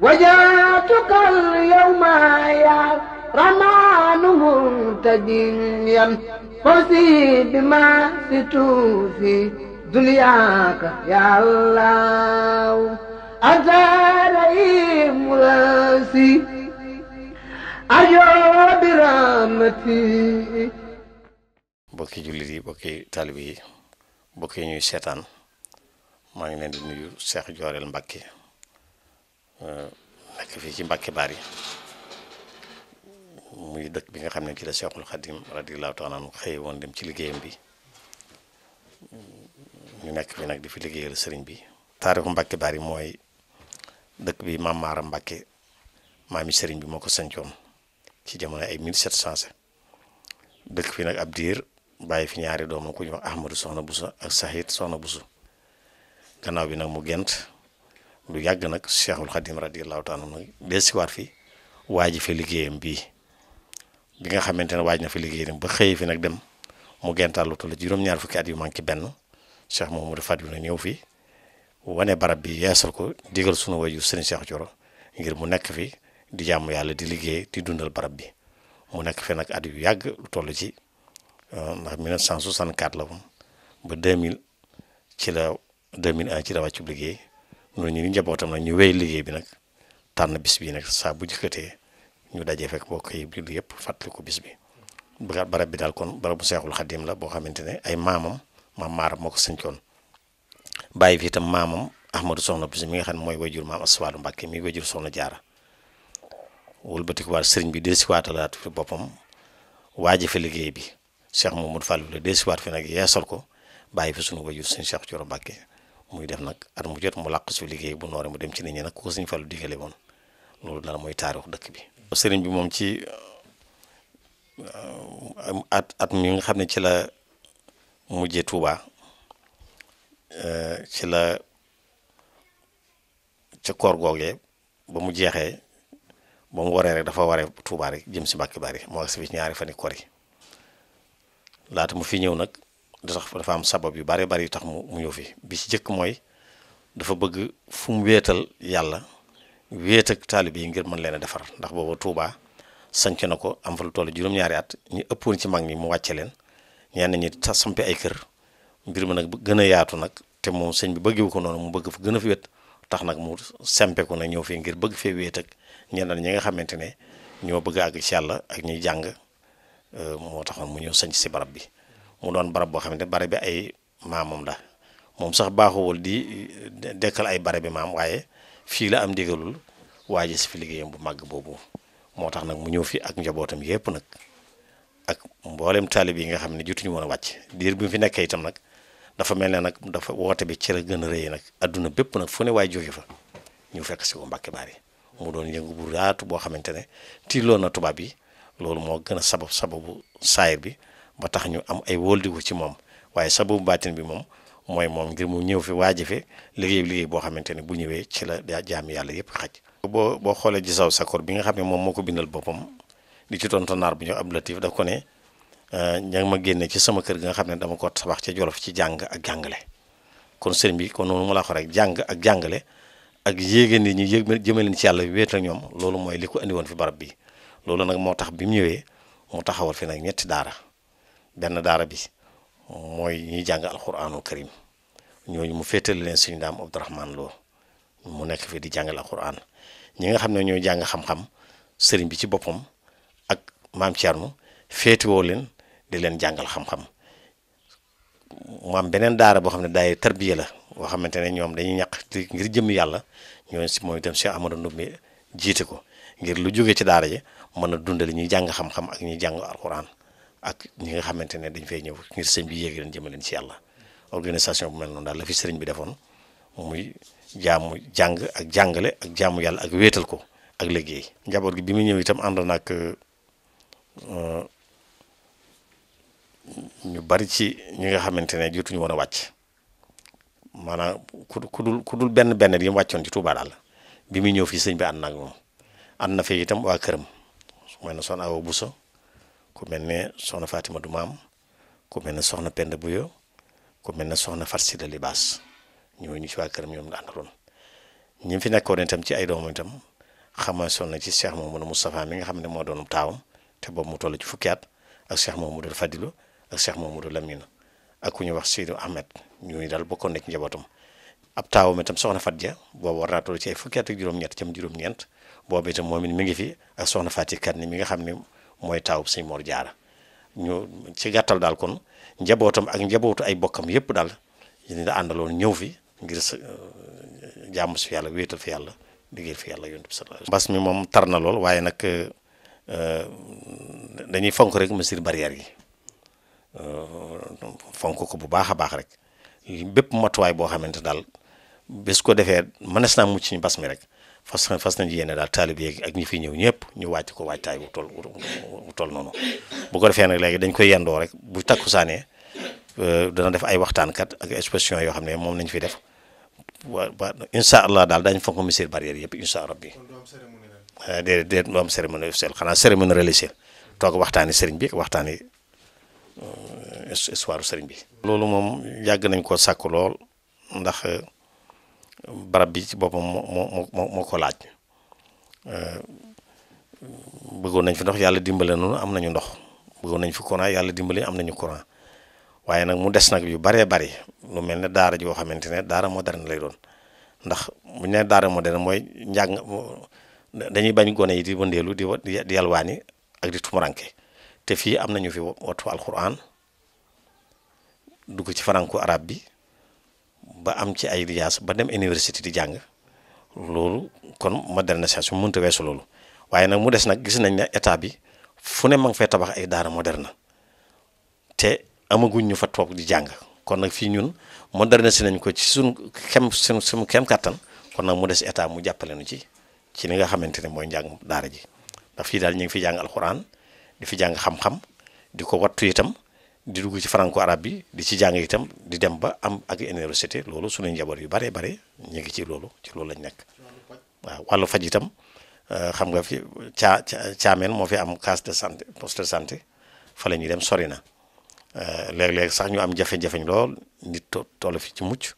وجاتك اليوم يا رمان منتجيا فوزي بما ستوفي دنياك يا الله أزاري مراسي أجو برامتي bokki jullit yi bokki taalib yi bokki ñuy seetaan maa ngi leen di nuyu Jooreel Mbacke nekk fii ci Mbàkke Baari muy dëkk bi nga xam ne ci la Seexul Xadim radiyallaahu taala anhu xëy woon dem ci liggéeyam bi ñu nekk fi nag di fi liggéeyal sëriñ bi taarixu Mbàkke Baari mooy dëkk bi maam Maaram Mbàkke maami sëriñ bi moo ko sancoon ci jamono ay 1700 dëkk fi nag ab diir bàyyi fi ñaari doom ku ñu wax Ahmadu Soxna Busu ak Sahid Soxna Busu gannaaw bi nag mu gént lu yàgg nag Cheikhul Khadim radiyallahu taala nag desiwaat fi waaj fi liggéeyam bii bi nga xamante ne waaj na fi liggéeyam ba xëy fi nag dem mu gentaal lu toll juróom-ñaar fukki at yu manqué benn Cheikh Mouhamadou Fadilou na ñëw fi wane barab bi yeesal ko digal sunu waju sëriñ Cheikh Thioro ngir mu nekk fi di jàmm yàlla di liggéey di dundal barab bi mu nekk fi nag at yu yàgg lu toll ci euh, ndax 1964 la woon ba 2000 ci la 2001 ci la wàccu liggéey. noonu ñu ni njabootam nag ñu wéy liggéey bi nag tànn bis bi nag saa bu jëkkatee ñu dajee fekk mbokk yi bi yëpp fàttali ko bis bi barab bi daal kon barabu seexul xadim la boo xamante ne ay maamam maam maaram moo ko sëncoon bàyyi fi itam maamam ahmadou soxna bis mi nga xam ne mooy wajur maam aswaalu mbàkke mi wajur soxna jaara wëlbatiku waat sëriñ bi deesiwaatalaat fi boppam waaje fi liggéey bi cheikh mamadou fàllu la deesiwaat fi nag yeesal ko bàyyi fi sunu wajur sëñ cheikh coro mbàkke muy def nag at mu jot mu làqu su liggéey bu nooree mu dem ci nit ñi nag ko Sëriñ Fallu digale woon loolu daal mooy taarix dëkk bi. sëriñ bi moom ci uh, at at mi nga xam ne ci la mujjee Touba uh, ci la ca koor googee ba mu jeexee ba mu waree rek dafa waree Touba rek jëm si Mbàkke Bari moo ak si ñaari fani koor yi laata mu fi ñëw nag. tax dafa am sabab yu bare bari yu tax mu mu ñëw fi bi ci jëkk mooy dafa bëgg fu mu wéetal yàlla wéet ak taalib yi ngir mën leen a defar ndax booba Touba sanc na ko am fa lu toll juróom-ñaari at ñu ëppoon ci mag ñi mu wàcce leen ñenn ñi sampi ay kër mbir mi nag gën a yaatu nag te moom sëñ bi bëggewu ko noonu mu bëgg fa gën a fi tax nag mu sempeku ñëw fii ngir bëgg fee wéet ak ñeneen ñi nga xamante ne ñoo bëgg àgg ci yàlla ak ñuy jàng euh, moo taxoon mu ñëw sanc si barab bi mu doon barab boo xamante barab bi ay maamam la moom sax baaxuwul di dekkal ay barab bi maam waaye fii la am ndigalul waaje si fi liggéeyam bu màgg boobu moo tax nag mu ñëw fi ak njabootam yépp nag ak mboolem taalib yi nga xam ne jotuñu mën a wàcc diir bi mu fi nekkee itam nag dafa mel ne nag dafa woote bi ci la gën a rëy nag adduna bépp nag fu ne waaye jóge fa ñu fekk si ko Mbàkke Baari mu doon yëngu bu boo xamante ne tiiloo na tubaab yi loolu moo gën a sabab sababu saayir bi ba tax ñu am ay wóoldiku ci moom waaye sababu baatin bi moom mooy moom ngir mu ñëw fi waaji fi liggéey liggéey boo xamante ne bu ñëwee ci la jaam yàlla yëpp xaj. boo boo xoolee ci saw sakkoor bi nga xam ne moom moo ko bindal boppam di ci tontu naar bi ñu Abdou Latif daf ko ne euh, ña ma génne ci sama kër gi nga xam ne dama ko tabax ca jolof ci jàng ak jàngale kon sëriñ bi kon noonu mu la ko rek jàng ak jàngale ak yéegéen ni ñu yëg jëme leen ci yàlla wéet ak ñoom loolu mooy li ko andi barab bi loolu nag moo tax bi ñëwee mu taxawal fi nag ñetti daara. benn daara bi mooy ñuy jàng alxuraanul karim ñooñu mu féetali leen suñu daam Abdourahmane Lo mu nekk fi di jàngal alxuraan ñi nga xam ne ñooy jàng xam-xam sëriñ bi ci boppam ak maam Thierno féetewoo leen di leen jàngal xam-xam mu am beneen daara boo xam ne daay tarbiya la boo xamante ne ñoom dañuy ñaq ngir jëm yàlla ñooñu si mooy dem si Amadou Ndoumbé jiite ko ngir lu jóge ci daara ji mën a dundali ñuy jàng xam-xam ak ñuy jàng alxuraan. ak ñi nga xamante ne dañ fay ñëw ngir sëñ bi yéegi leen jëmaleen ci yàlla organisation bu mel noonu daal fi sëriñ bi defoon muy jaamu jàng ak jàngale ak jaamu yàlla ak wéetal ko ak liggéey njaboot gi bi mu ñëw itam àndoon ak uh, ñu bari ci ñi nga xamante ne jotuñu woon a wàcc maanaam ku dul ku dul benn benn yi wàccoon ci Touba daal bi muy ñëw fii sëñ bi ànd na ak moom ànd na fi itam waa këram mooy na son awa buso ku mel ne soxna Fatima du maam ku mel ne soxna Penda Buyo ku mel ni soxna Fat Sida Libaas ñooñu ci waa këram ñoom la àndaloon fi nekkoon itam ci ay doomam itam xamal sonn na ci Cheikh Mamadou Moustapha mi nga xam ne moo doon taawam te boobu mu toll ci fukki at ak Cheikh Mamadou Fadilou ak Cheikh Mamadou Lamine ak ku ñuy wax Seydou Ahmed ñooñu daal bokkoon na ci njabootam. ab taawam itam soxna Fat Ja boobu war naa toll ci ay fukki at ak juróom-ñett juróom-ñeent boobu itam moom it mi ngi fi ak soxna Fati ni mi nga xam ne. mooy taawub sëñ Mor Jaara ñu ci gàttal daal kon njabootam ak njabootu ay bokkam yëpp daal ñu la àndaloon ñëw fi ngir sa euh, jaamu si yàlla wéetal fi yàlla liggéey fi yàlla yonent bi sallallahu alayhi moom tar na lool waaye nag euh, dañuy fonk rek mesures barrières yi euh, fonk ko bu baax a baax rek bépp matuwaay boo xamante daal bés ko defee mënees naa mucc ñu mbas mi rek. fas fas nañu yéene daal taalib yeeg ak ñi fi ñëw ñëpp ñu wàcc ko waajtaay wu toll wu toll noonu bu ko defee nag léegi dañ koy yendoo rek bu takku saanee euh, dana def ay waxtaankat ak exposition yoo xam ne moom nañ fi def wa incha allah daal dañ daañu fonk misir barrière yëpp incha rabbi euh, déedéet déedéet mu am cérémonie officielle xanaa cérémonie religieuse toog waxtaani sëriñ bi waxtaani euh, histoire sëriñ bi. loolu moom yàgg nañ koo sàkk lool ndax. barab bi ci boppam moo moo moo moo ko laaj euh, bëggoon nañ fi ndox yàlla dimbale noonu am nañu ndox bëggoon nañ fi courant yàlla dimbale am nañu courant waaye nag mu des nag yu baree bari lu mel ne daara joo xamante ne daara moderne lay doon ndax bu ñu nee daara moderne mooy njàng dañuy bañ gone yi di wëndeelu di di yalwaani ak di tumuranke te fii am nañu fi wattu alquran dugg ci faranko arab bi ba am ci ay lijaas ba dem université di jàng loolu kon su modernisation mënta weesu loolu waaye nag mu des nag gis nañ ne état bi fu ne ma ngi tabax ay daara moderne te amaguñ ñu fa toog di jàng kon nag fii ñun modernisé nañ ko ci suñ kem suñ suñ kem kàttan kon nag mu des état mu jàppale nu ci ci li nga xamante ne mooy njàng daara ji ndax fii daal ñu ngi fi jàng alxuraan di fi jàng xam-xam di ko wattu itam di dugg ci franco arabe bi di ci jàng itam di dem ba am ak université loolu suñu njaboot yu bare bare ñu ngi ci loolu ci loolu lañ nekk waaw wàllu faj itam euh, xam nga fi caa caameen moo fi am case de santé poste de santé la ñuy dem sori na euh, léeg-léeg sax ñu am jafe-jafeñ lool nit toll fi ci mucc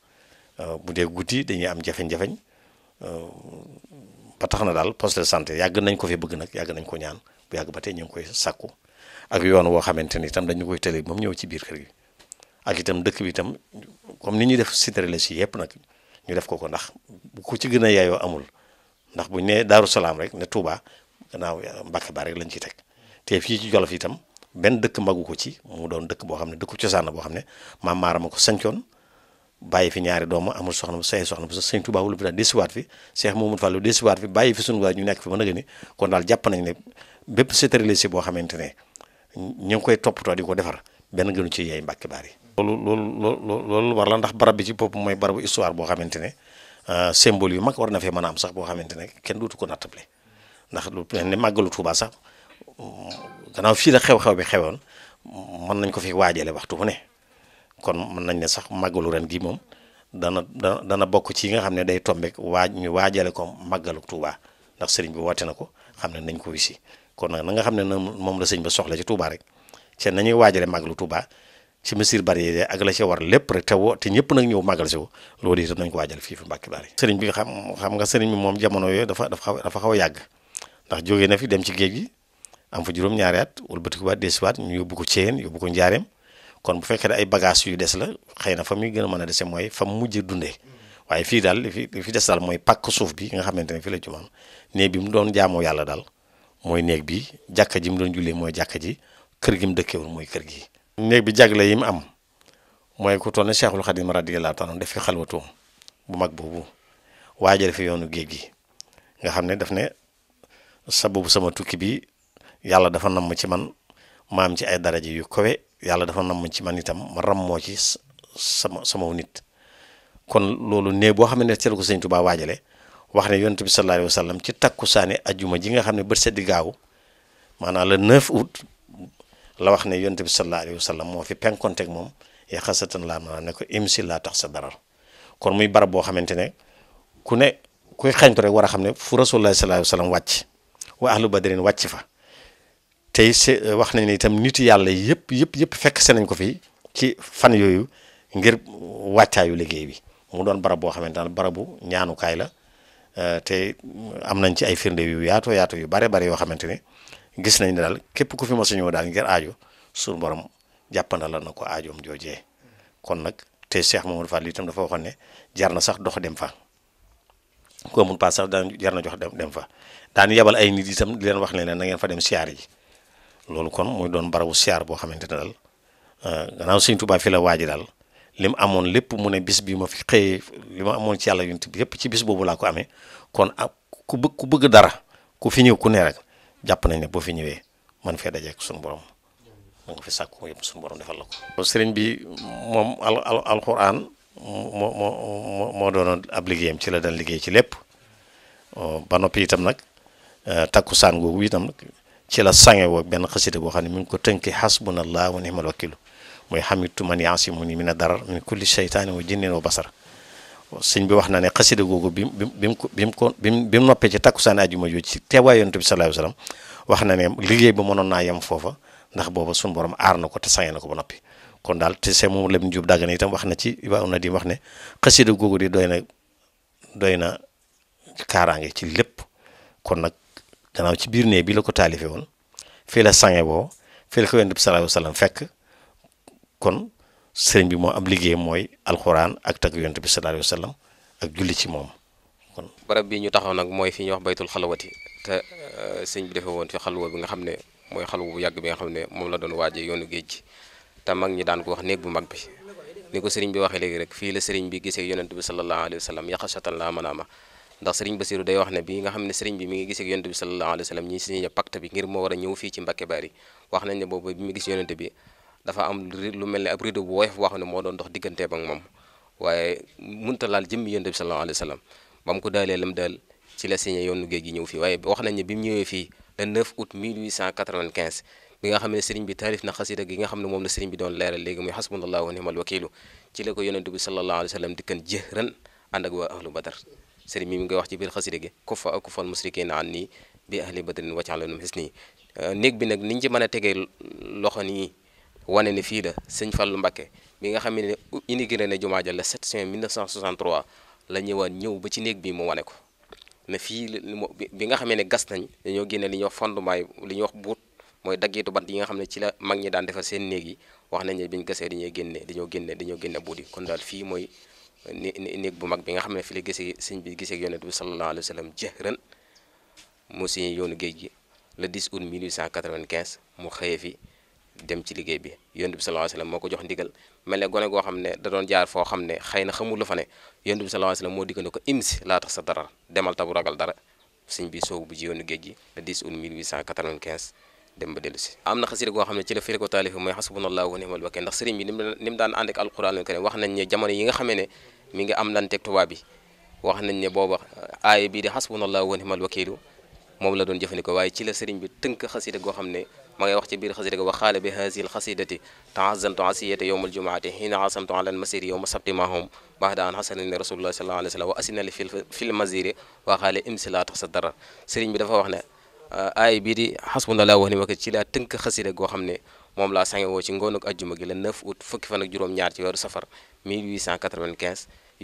euh, bu dee guddi dañuy am jafe-jafeñ ba tax na daal poste de santé yàgg nañ ko fi bëgg nag yàgg nañ ko ñaan bu yàgg ba tey ñu ngi koy sàkku ak yoon woo xamante ni itam dañu koy tële moom ñëw ci biir kër gi ak itam dëkk bi tam comme ni ñuy def si yëpp nag ñu def ko ko ndax ku ci gën a yaayoo amul ndax bu ne Daaru Salaam rek ne Touba gannaaw Mbàkke Baar rek lañ ci teg te fii ci Jolof tam benn dëkk magu ko ci mu doon dëkk boo xam ne dëkku cosaan la boo xam ne maam Maaram a ko sancoon bàyyi fi ñaari doomu amul soxna bu say soxna bu sa sëñ Touba wulu bi daal fi Cheikh Mamadou Fallou desiwaat fi bàyyi fi suñu waa ñu nekk fi kon daal jàpp nañ ne bépp syntérologie boo xamante ne ñu ngi koy toppatoo di ko defar benn gënu ci yaay mbàkki baar yi. loolu loolu loolu war ndax barab bi ci bopp mooy barabu histoire boo xamante ne euh, symbole yu mag war na fee man a am sax boo xamante ne kenn dootu ko nattable ndax lu ne màggalu Tuubaa sax gannaaw fii la xew-xew bi xewoon mën nañ ko fi waajale waxtu bu ne kon mën nañ ne sax màggalu ren gi moom dana dana bokk ci yi nga xam ne day tombeek waaj ñu waajale ko màggalu Tuubaa ndax sëriñ bi woote na ko xam ne nañ ko wisi kon nag na nga xam ne moom la sëñ ba soxla ci Touba rek seen nañuy waajale màggalu Touba ci mesure barrière ak la ci war lépp rek te woo te ñëpp nag ñëw màggal si wo loolu itam nañ ko waajal fii fi Mbàkke Bari sëriñ bi xam xam nga sëriñ bi moom jamono yooyu dafa dafa dafa xaw a yàgg ndax jógee na fi dem ci géej gi juróom-ñaari at wëlbatikuwaat desiwaat ñu yóbbu ko Ceen yóbbu ko Njaareem kon bu fekkee ay bagages yu des la xëy na fa muy gën a mën a dese mooy fa mu mujj dundee waaye fii daal fi fi des daal mooy pàkk suuf bi nga xamante ne fii la jumaan ne bi mu doon jaamoo yàlla daal mooy néeg bi jàkka ji mu doon jullee mooy jàkka ji kër gi mu dëkkeewul mooy kër gi. néeg bi jagle yi mu am mooy ku toll ne Cheikhul Khadim radiyallahu taala def bu mag boobu waajal fi yoonu géej gi nga xam ne daf ne sababu sama tukki bi yàlla dafa namm ci man ma am ci ay daraja yu kowe yàlla dafa namm ci man itam ma rammoo ci sama sama nit kon loolu nee boo xam ne ci ko sëñ baa waajale wax ne yonent bi sallallahu alayhi wa sallam ci takkusaani ajjuma ji nga xam ne bët seddi gaaw maanaa la 9 août la wax ne yonent bi sallallahu alayhi wa moo fi penkonteeg moom yaxasatan laa ma ne ko imsi laa tax sa dara kon muy barab boo xamante ne ku ne kuy xañtu rek war a xam ne fu rasulullah sallallahu alayhi wa sallam wàcc wa ahlu fa tey se wax nañ ne itam nit yàlla yëpp yëpp yëpp fekk se nañ ko fi ci fan yooyu ngir wàccaayu liggéey bi mu doon barab boo xamante ne barabu ñaanukaay la Euh, te am nañ ci ay firnde yu yaato yaatu yu bare bare yoo xamante ni gis nañ ne daal képp ku fi mos a ñëw daal ngir aajo suñu borom jàppandala na ko aajoom joojee kon nag te Cheikh Mamadou Fall itam dafa waxoon ne jar na sax dox dem fa ko mun paas sax daan jar na jox dem dem fa daan yebal ay nit itam di leen wax ne leen na ngeen fa dem siyaar yi loolu kon muy doon barabu siyaar boo xamante ne daal euh, gannaaw Sëñ Tuubaa fi la waaji daal li mu amoon lépp mu ne bis bi ma fi xëyee li ma amoon ci yàlla yunt bi ci bis boobu laa ko amee kon ak ku bëgg ku bëgg dara ku fi ñëw ku nee rek jàpp nañ ne boo fi ñëwee man fee dajeek suñu borom ma nga fi sàkku yëpp suñu defal la ko sëriñ bi moom al al alxuraan moo moo moo doonoon ab liggéeyam ci la daan liggéey ci lépp ba noppi itam nag e, takku saan googu itam nag ci la sange woo benn xasida boo xam ne mi ngi ko tënki xasbunallah wa ni'mal wakilu mooy xamitu man yaasimuni mina dara min kulli seytaani wa jinnin wa basar sëñ bi wax na ne xasida googu bi mu bi mu bi mu ko bi mu noppee ci takkusaan ajuma jooju ci teewaay yonent bi sallallahu alayhi wax na ne liggéey ba mënoon naa yem foofa ndax booba suñu borom aar na ko te sañe na ko ba noppi kon daal te se moom lem jub dàgg na itam wax na ci waaw na di wax ne xasida googu di doy na doy na ci lépp nag gannaaw ci biir nee bi la ko taalife woon fii la sañe boo fii la ko yonent bi sallallahu alayhi wasallam fekk kon sëriñ bi moo am liggéey mooy alxuraan ak tagg yonent bi sallallahu alayhi wa sallam ak julli ci moom kon. barab bi ñu taxaw nag mooy fi ñuy wax baytul xalawati te euh, sëñ bi defe woon fi xalwa bi nga xam ne mooy xalwa bu yàgg bi nga xam ne moom la doon waajee yoonu géej gi te mag ñi daan ko wax néeg bu mag bi ni ko sëriñ bi waxee léegi rek fii la sëriñ bi gisee yonent bi wa sallam yaqashatan la manaama sëriñ ne bi nga xam ne sëriñ bi mi ngir moo war a ñëw fii ci Mbàkke Bari wax nañ ne boobu bi mu gis yonent bi dafa am lu mel ne ab rideau bu woyof boo xam moo doon dox digganteem ak moom waaye munta laal jëmmi yonent bi sallallahu fii waaye wax nañ ne bi mu fii le 9 août 1895 bi nga xam ne sëriñ bi taarif na xasida ne moom la sëriñ bi doon leeral léegi muy xasbunallahu wa ni'mal wakiilu ci la ko bi sallallahu alayhi ngi wax ci biir xasida gi kuffa ak kuffal musrikiina an nii bi ahli badrin waccaxlanum xis nii néeg bi nag niñ ci mën a tegee loxo nii wane ne fii da sëñ Fallou Mbacké mi nga xam ne inauguré na jumaa ja le 7 juin 1963 la ñëwaan ñëw ba ci néeg bi mu wane ko ne fii bi nga xamee ne gas nañ dañoo génne li ñuy wax fondement yi li ñuy wax buut mooy daggitu bant yi nga xam ne ci la mag ñi daan defar seen néeg yi wax nañ ne bi ñu gasee dañoo génne dañoo génne dañoo génne buut yi kon daal fii mooy néeg bu mag bi nga xam fi la gisee sëñ bi gisee ak yonent bi sallallahu alayhi wa sallam jahran mu signé yoonu géej gi le 10 août 1895 mu xëyee fi dem ci liggéey bi yonent bi sallallahu ba dellu si am na xasida goo xam ne ci la firi taalif bi ni mu daan ànd ak alquranul karim moom la doon jëfandikoo waaye ci la sëriñ bi tënk xasida goo xam ne ma ngay wax ci biir xasida ga wa xaala bi hasil xasidati taazamtu asiyata yowma aljumaati xiina asamtu ala almasiri yowma sabti mahum baxda an xasanani rasulullah sallallahu alayhi wa tax sa dara sëriñ bi dafa wax ne euh, aay bii di xasbunallah wax ni ma ko ci laa tënk xasida goo xam ne moom laa sangewoo ci ngoonuk ajjuma gi la 9 août fukki fan ak juróom-ñaar ci weeru safar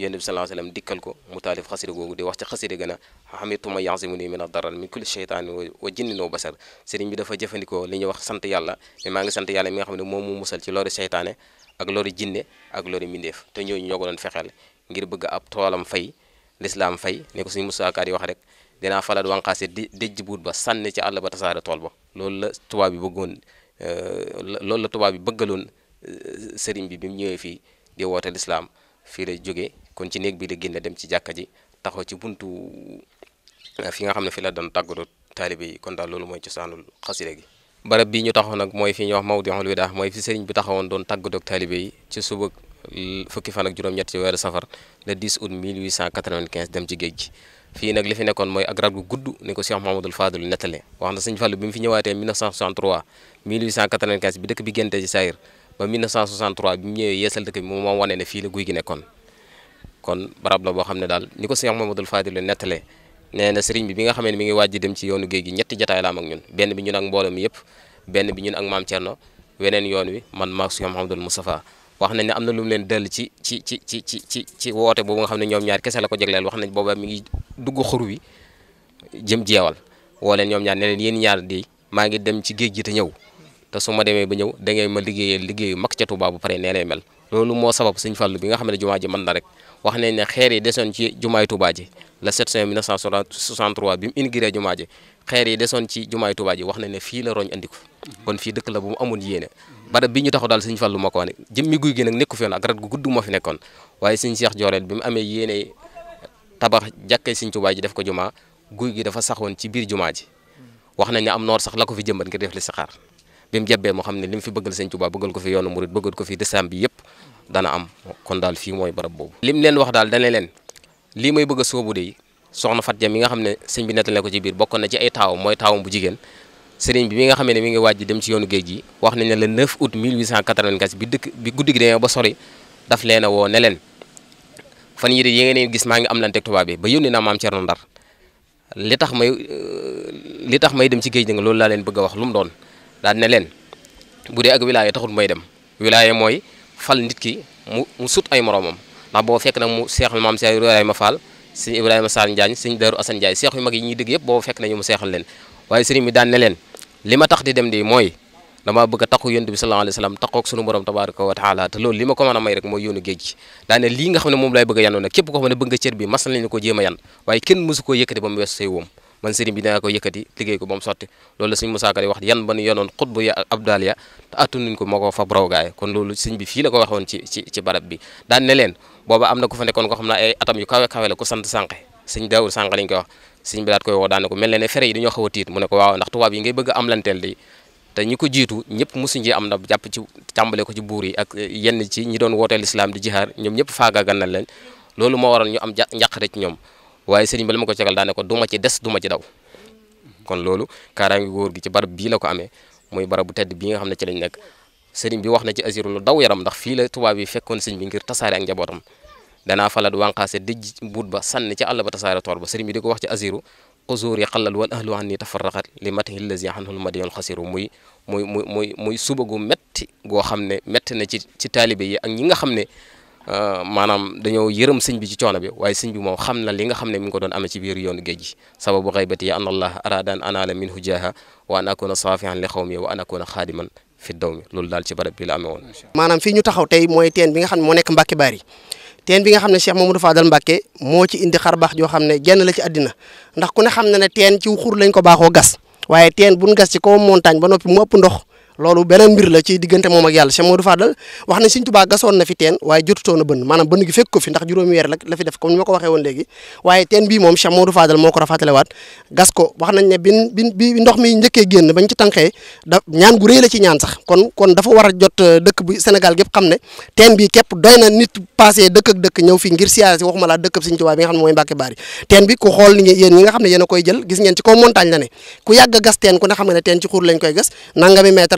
yenn bi sallallahu alayhi wa dikkal ko mu taalif xasida googu di wax ci xasida gën a xamituma yaasimu nii min ad-darar min kulli sheytaani wa jinnin li ñuy wax sant yàlla maa ngi sant yàlla mi nga xam ne moom mu musal ci loori seytaane ak loori jinne ak loori mbindeef te ñooñu ñoo ko doon fexeel ngir bëgg ab toolam fay lislaam fay ne ko suñu musaakaar di wax rek dinaa falaat wànqaase di dëjj buut ba sànni ci àll ba tasaare tool ba loolu la tubaab bi bëggoon euh, loolu la tubaab bi bëggaloon euh, sëriñ bi bi mu ñëwee fii di woote lislaam fii la jóge kon ci néeg bi la génne dem ci jàkka ji taxaw ci buntu euh, fi nga xam ne fi la doon tàggatoo taalibe yi kon daal loolu mooy cosaanul xasida bi ñu fi ñuy wax mawdiul bi taxawoon doon tàggatoo taalibe yi ci suba fukki fan ak juróom ko Cheikh Mahamadul Fadul na sëñ Fallou bi mu fi ñëwaatee 1963 1895 bi dëkk bi génte ci saayir ba bi mu ñëwee yeesal dëkk bi moom moo wane ne fii la guy gi nekkoon kon barab la boo xam ne daal ni ko Cheikh Mamadou Fadilou nettalee nee na sëriñ bi bi nga xam ne mi ngi wàjji dem ci yoonu géej gi ñetti jataay la am ak ñun benn bi ñun ak mbooloo mi yëpp benn bi ñun ak maam Thierno weneen yoon wi man maak wax nañ ne am na lu mu leen dell ci ci ci ci ci ci woote boobu nga xam ne ñoom ñaar kese la ko jegleel wax nañ booba mi ngi dugg xur wi jëm jeewal woo leen ñoom ñaar ne leen yéen ñaar di maa ngi dem ci géej gi te ñëw te su ma demee ba ñëw da ngay ma liggéeyee liggéeyu mag ca Tuubaa bu pare nee lay mel loolu moo sabab sëñ Fàllu bi nga xam ne jumaa ji mën na rek wax nañ ne xeer yi desoon ci jumaay Touba ji le 7 juin 1963 bi mu inauguré jumaa ji xeer yi desoon ci jumaay Touba ji wax nañ ne fii la roñ andi ko kon fii dëkk la bu mu amoon yéene barab bi ñu taxaw daal fal lu ma ko wane jëmmi gi nag nekku fi woon ak rat gu moo fi nekkoon waaye Sëñ Seex Jooreel bi mu amee yéene tabax jàkkee Sëñ Touba ji def ko jumaa guy gi dafa saxoon ci biir jumaa ji wax nañ ne am noor sax la ko fi jëmbat ngir def li saxaar bi mu jebbee moo xam ne fi bëggal Sëñ Touba bëggal ko fi yoonu murit bëggal ko fi desam bi yëpp dana am kon daal fii mooy barab boobu. lim leen wax daal dane leen lii may bëgg a sóobu de soxna Fat Dia mi nga xam ne sëñ bi nettali ko ci biir bokk na ci ay taawam mooy taawam bu jigéen sëriñ bi mi nga xam ne mi ngi waaj dem ci yoonu géej gi wax na ne le 9 août bi dëkk bi guddi gi daf leen a woo ne leen fan yii yi ngeen gis maa ngi am lanteeg tubaab bi ba yónnee naa maam Thierno Ndar li tax may euh, li tax may dem ci géej gi loolu laa leen bëgg wax lu mu doon daal ne leen bu dee ak wilaya taxul may dem wilaya mooy fal nit ki mu mu sut ay moroomam ndax boo fekk nag mu seexal maam Seex Ibrahima Fall sëñ Ibrahima Sall Njaañ sëñ Daaru Asan Njaay seex yu mag ñuy dégg yëpp boo fekk nañu mu seexal leen waaye sëriñ bi daan leen li tax di dem di mooy dama bëgg a taqu yonent bi a nga xam ne moom laay bëgg a yanu nag képp koo xam ne bëgg nga cër bi mas nañu ko jéem a yan waaye kenn mësu koo yëkkati ba mu wees say woom man sëriñ bi dinaa ko yëkkati liggéey ko ba mu sotti loolu la sëñ Musaa Ka di wax yan ba nu yonoon xutbu ya abdal te attanuñ moo ko fab raw gaay kon fii la ko waxoon ci ci ci bi daan ne leen booba am na ku fa ko xam ne ay atam yu kawe kawe la ku sant sànq sëñ Daawur sànq lañ koy wax sëñ bi daat koy woo daan ko mel ne ne fere yi dañoo xaw a tiit mu ne ko waaw ndax tubaab yi ngay bëgg am lanteel di te ñi ko jiitu ñëpp musuñ ci am na jàpp ci tàmbale ko ci buur yi ak eh, yen ci ñi doon wooteel islam di jihaar ñoom ñëpp faagaagal na leen loolu moo waral ñu am njàqare ci ñoom waaye sëriñ ba la ma ko cegal daane ko du ma ci des du ma ci daw kon loolu kaaraangi góor gi ci barab bii la ko amee mooy bara bu tedd bii nga xam ne ci lañ nekk sëriñ bi wax na ci asiru lu daw yaram ndax fii la tubaab yi fekkoon sëriñ bi ngir tasaare ak njabootam danaa falat wànqaase dijj buut ba sànni ci àll ba tasaare tool ba sëriñ bi di ko wax ci asiru xusuur yi xalal wal ahlu an ni tafarraqat li matahi lazi anhul madiyul xasiru muy muy muy muy muy goo xam ne metti na ci ci taalibe yi ak ñi nga xam ne Euh, maanaam dañoo yërëm sëñ bi ci coono bi waaye sëñ bi moom xam na li nga xam ne mi ko doon amee ci biir yoonu géej sababu xaybati ya an allah aradan anaala min hujaha wa an akuna saafihan li xawmi wa an akuna xaadiman fi daw mi loolu daal ci barab bi la amee woon maanaam fii ñu taxaw tey mooy teen bi nga xam ne moo nekk Mbàkke Baari teen bi nga xam ne Cheikh Mamadou Fadal Mbàkke moo ci indi xar baax joo xam ne genn la ci àddina ko baaxoo gas waaye teen buñ gas ci kaw ba loolu beneen mbir la ci diggante moom ak yàlla Cheikh Modou Fadal wax ne Sëriñ Tuubaa gasoon na fi teen waaye jotutoon a bënn maanaam bënn gi fekk ko fi ndax juróomi weer la la fi def comme ni ma ko waxee woon léegi waaye teen bi ndox mi njëkkee génn bañ euh, xam ne teen bii képp doy na nit passé dëkk ak dëkk fi ku xool ni yéen ñi nga xam ne yéen a koy jël gis ngeen ci kaw montagne la ne ku yàgg gas teen ku ne xam teen ci xuur lañ koy gas nangami meetar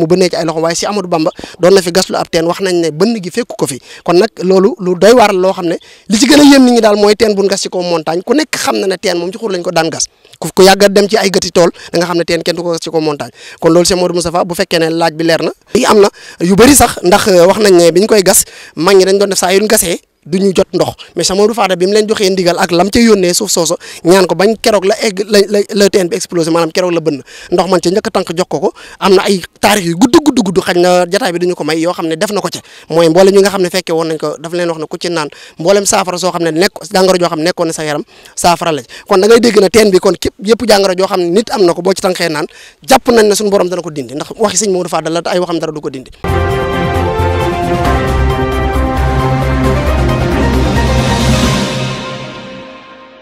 mu bënnee ci ay loxo waaye si Amadou Bamba doon na fi gaslu ab teen wax nañ ne bënn gi fekku ko fi kon nag loolu lu doy waar loo xam ne li ci gën a yéem nit ñi daal mooy teen buñ gas ci na ne teen moom ci ko daan da nga xam ne teen kenn kon loolu si Modou Moustapha bu fekkee ne laaj bi leer na yi am na yu bëri sax ndax euh, wax nañ ne biñ koy gas mag dañ doon def saa yuñ gasee du ñu jot ndox mais sama du faada bi mu leen joxee ndigal ak lam ca yónnee suuf sooso ñaan ko bañ keroog la egg la la la teen bi explosé maanaam keroog ko ko am na ay taarix yu gudd gudd gudd na jataay bi duñu ko may yoo xam ne def na ko ca mooy mboolem ñi nga xam ne fekkee woon nañ ko daf leen wax ne ku ci naan mboolem saafara ne nekk jàngoro joo xam ne nekkoon na sa yaram saafara la kon da ngay bi kon képp yëpp jàngoro joo xam ne nit am na ko boo ci tànkee naan jàpp nañ ne suñu borom dana ko dindi ndax waxi sëñ Modou Fadal ko dindi